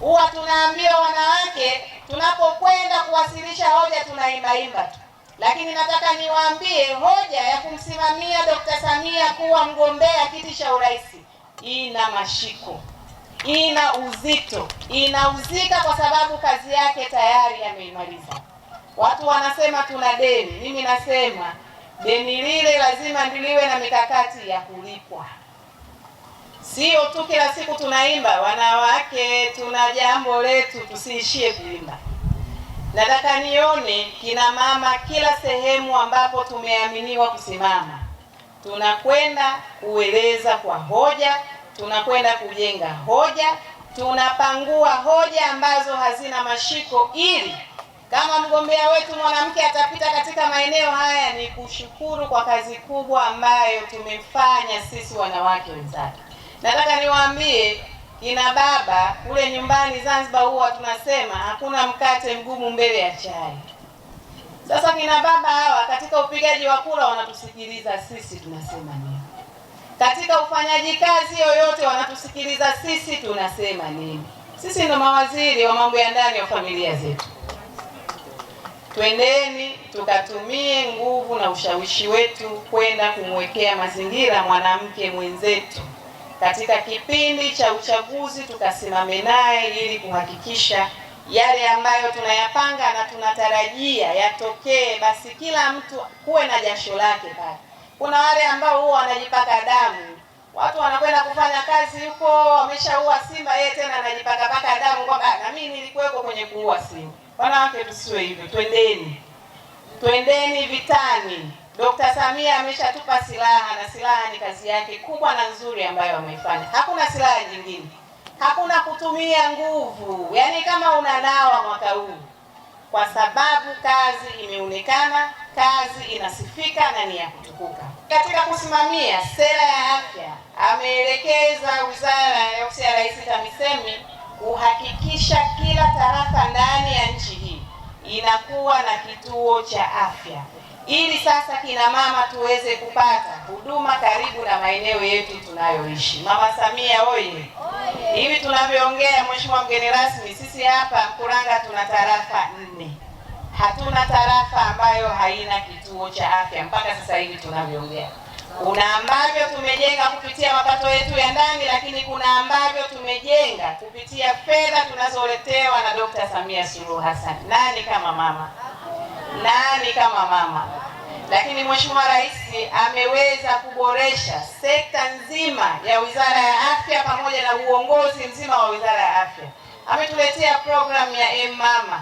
huwa tunaambia wanawake tunapokwenda kuwasilisha hoja tunaimbaimba tu, lakini nataka niwaambie hoja ya kumsimamia Dkt. Samia kuwa mgombea kiti cha urais ina mashiko, ina uzito, inauzika kwa sababu kazi yake tayari ameimaliza. Watu wanasema tuna deni, mimi nasema deni lile lazima ndiliwe na mikakati ya kulipwa. Sio tu kila siku tunaimba wanawake, tuna jambo letu, tusiishie kuimba. Nataka nione kina mama kila sehemu ambapo tumeaminiwa kusimama, tunakwenda kueleza kwa hoja, tunakwenda kujenga hoja, tunapangua hoja ambazo hazina mashiko, ili kama mgombea wetu mwanamke atapita katika maeneo haya, ni kushukuru kwa kazi kubwa ambayo tumefanya sisi wanawake wenzake. Nataka niwaambie kina baba kule nyumbani Zanzibar huwa tunasema hakuna mkate mgumu mbele ya chai. Sasa kina baba hawa katika upigaji wa kura wanatusikiliza sisi tunasema nini, katika ufanyaji kazi yoyote wanatusikiliza sisi tunasema nini. Sisi ndo mawaziri wa mambo ya ndani ya familia zetu. Twendeni tukatumie nguvu na ushawishi wetu kwenda kumwekea mazingira mwanamke mwenzetu katika kipindi cha uchaguzi tukasimame naye ili kuhakikisha yale ambayo tunayapanga na tunatarajia yatokee, basi kila mtu kuwe na jasho lake pale. Kuna wale ambao huwa wanajipaka damu, watu wanakwenda kufanya kazi huko, wameshaua simba, yeye tena anajipaka paka damu kwamba ah, na mimi nilikuweko kwenye kuua simba. Wanawake, tusiwe hivyo, twendeni, twendeni vitani. Dkt. Samia ameshatupa silaha na silaha ni kazi yake kubwa na nzuri ambayo ameifanya. Hakuna silaha nyingine, hakuna kutumia nguvu, yaani kama unanawa mwaka huu, kwa sababu kazi imeonekana, kazi inasifika na ni ya kutukuka. Katika kusimamia sera ya afya, ameelekeza wizara ya ofisi ya Rais TAMISEMI kuhakikisha kila tarafa ndani ya nchi hii inakuwa na kituo cha afya ili sasa kina mama tuweze kupata huduma karibu na maeneo yetu tunayoishi. Mama Samia oye! Hivi tunavyoongea, mheshimiwa mgeni rasmi, sisi hapa Mkuranga tuna tarafa nne, hatuna tarafa ambayo haina kituo cha afya mpaka sasa hivi tunavyoongea. Kuna ambavyo tumejenga kupitia mapato yetu ya ndani, lakini kuna ambavyo tumejenga kupitia fedha tunazoletewa na Dr. Samia Suluhu Hassan. Nani kama mama? nani kama mama. Lakini Mheshimiwa Rais ameweza kuboresha sekta nzima ya Wizara ya Afya pamoja na uongozi mzima wa Wizara ya Afya. Ametuletea programu ya M-Mama.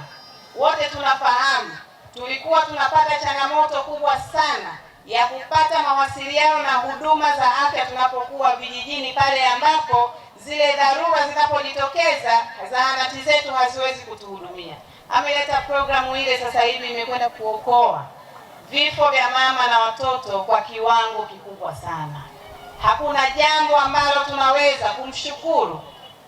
Wote tunafahamu tulikuwa tunapata changamoto kubwa sana ya kupata mawasiliano na huduma za afya tunapokuwa vijijini, pale ambapo zile dharura zinapojitokeza zahanati zetu haziwezi kutuhudumia ameleta programu ile sasa hivi imekwenda kuokoa vifo vya mama na watoto kwa kiwango kikubwa sana. Hakuna jambo ambalo tunaweza kumshukuru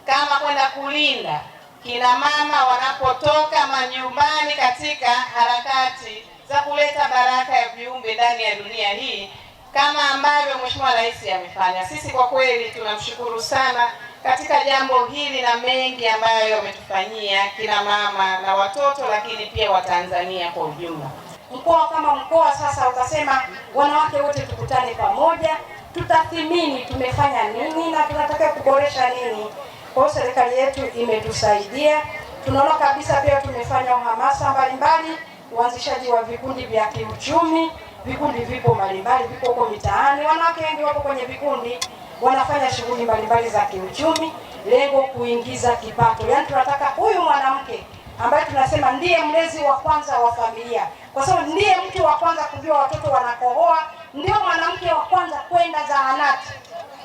kama kwenda kulinda kina mama wanapotoka manyumbani katika harakati za kuleta baraka ya viumbe ndani ya dunia hii kama ambavyo Mheshimiwa Rais amefanya. Sisi kwa kweli tunamshukuru sana katika jambo hili na mengi ambayo wametufanyia kina mama na watoto, lakini pia Watanzania kwa ujumla. Mkoa kama mkoa sasa ukasema, wanawake wote tukutane pamoja, tutathimini tumefanya nini na tunataka kuboresha nini. Kwa hiyo serikali yetu imetusaidia, tunaona kabisa pia tumefanya uhamasa mbalimbali, uanzishaji wa vikundi vya kiuchumi. Vikundi vipo mbalimbali, vipo huko mitaani, wanawake wengi wapo kwenye vikundi wanafanya shughuli mbalimbali za kiuchumi, lengo kuingiza kipato. Yaani tunataka huyu mwanamke ambaye tunasema ndiye mlezi wa kwanza wa familia, kwa sababu ndiye mtu wa kwanza kujua watoto wanakohoa, ndio mwanamke wa kwanza kwenda zahanati,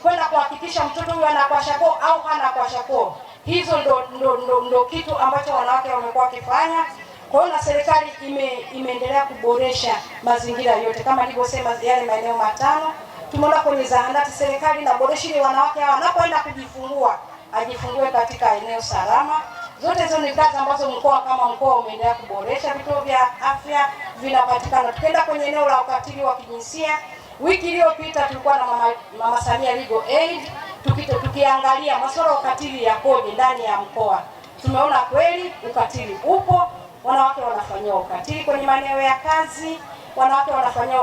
kwenda kuhakikisha mtoto huyu anakwasha koo au hana kwasha koo. Hizo ndo, ndo, ndo, ndo kitu ambacho wanawake wamekuwa wakifanya. Kwa hiyo na serikali ime, imeendelea kuboresha mazingira yote kama nilivyosema, yale maeneo matano tumeona kwenye zahanati, serikali na boreshini wanawake hawa wanapoenda kujifungua ajifungue katika eneo salama. Zote hizo ni kazi ambazo mkoa kama mkoa umeendelea kuboresha, vituo vya afya vinapatikana. Tukienda kwenye eneo la ukatili wa kijinsia, wiki iliyopita tulikuwa na mama, mama Samia Legal Aid tukito, tukiangalia masuala ya ukatili yakoje ndani ya mkoa. Tumeona kweli ukatili upo, wanawake wanafanyiwa ukatili kwenye maeneo ya kazi wanawake wanafanya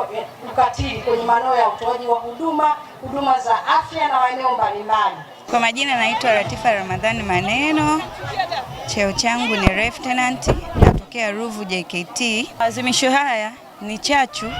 ukatili kwenye maeneo ya utoaji wa huduma, huduma za afya na maeneo mbalimbali. Kwa majina naitwa Latifa Ramadhani Maneno, cheo changu ni Lieutenant, natokea Ruvu JKT. Maadhimisho haya ni chachu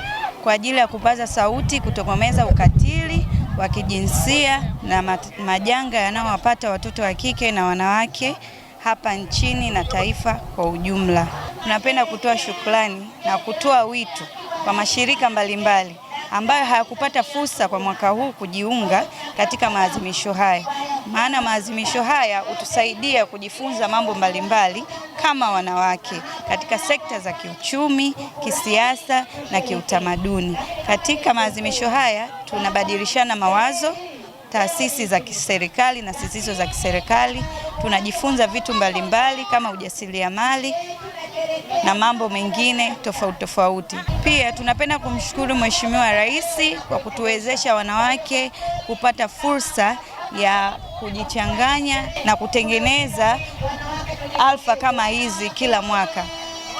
kwa ajili ya kupaza sauti, kutokomeza ukatili wa kijinsia na majanga yanayowapata watoto wa kike na wanawake hapa nchini na taifa kwa ujumla tunapenda kutoa shukrani na kutoa wito kwa mashirika mbalimbali ambayo hayakupata fursa kwa mwaka huu kujiunga katika maadhimisho haya, maana maadhimisho haya hutusaidia kujifunza mambo mbalimbali kama wanawake katika sekta za kiuchumi, kisiasa na kiutamaduni. Katika maadhimisho haya tunabadilishana mawazo taasisi za kiserikali na zisizo za kiserikali. Tunajifunza vitu mbalimbali kama ujasiriamali na mambo mengine tofauti tofauti. Pia tunapenda kumshukuru Mheshimiwa Rais kwa kutuwezesha wanawake kupata fursa ya kujichanganya na kutengeneza alfa kama hizi kila mwaka.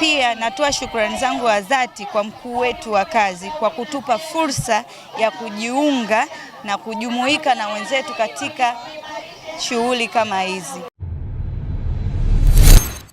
Pia natoa shukrani zangu wa dhati kwa mkuu wetu wa kazi kwa kutupa fursa ya kujiunga na kujumuika na wenzetu katika shughuli kama hizi.